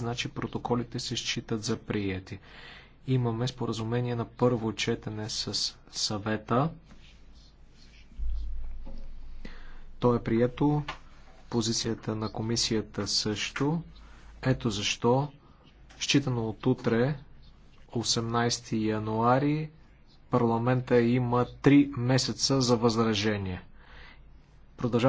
значи протоколите се считат за приети. Имаме споразумение на първо четене с съвета. То е прието. Позицията на комисията също. Ето защо, считано от утре, 18 януари, парламента има 3 месеца за възражение. Продължаваме.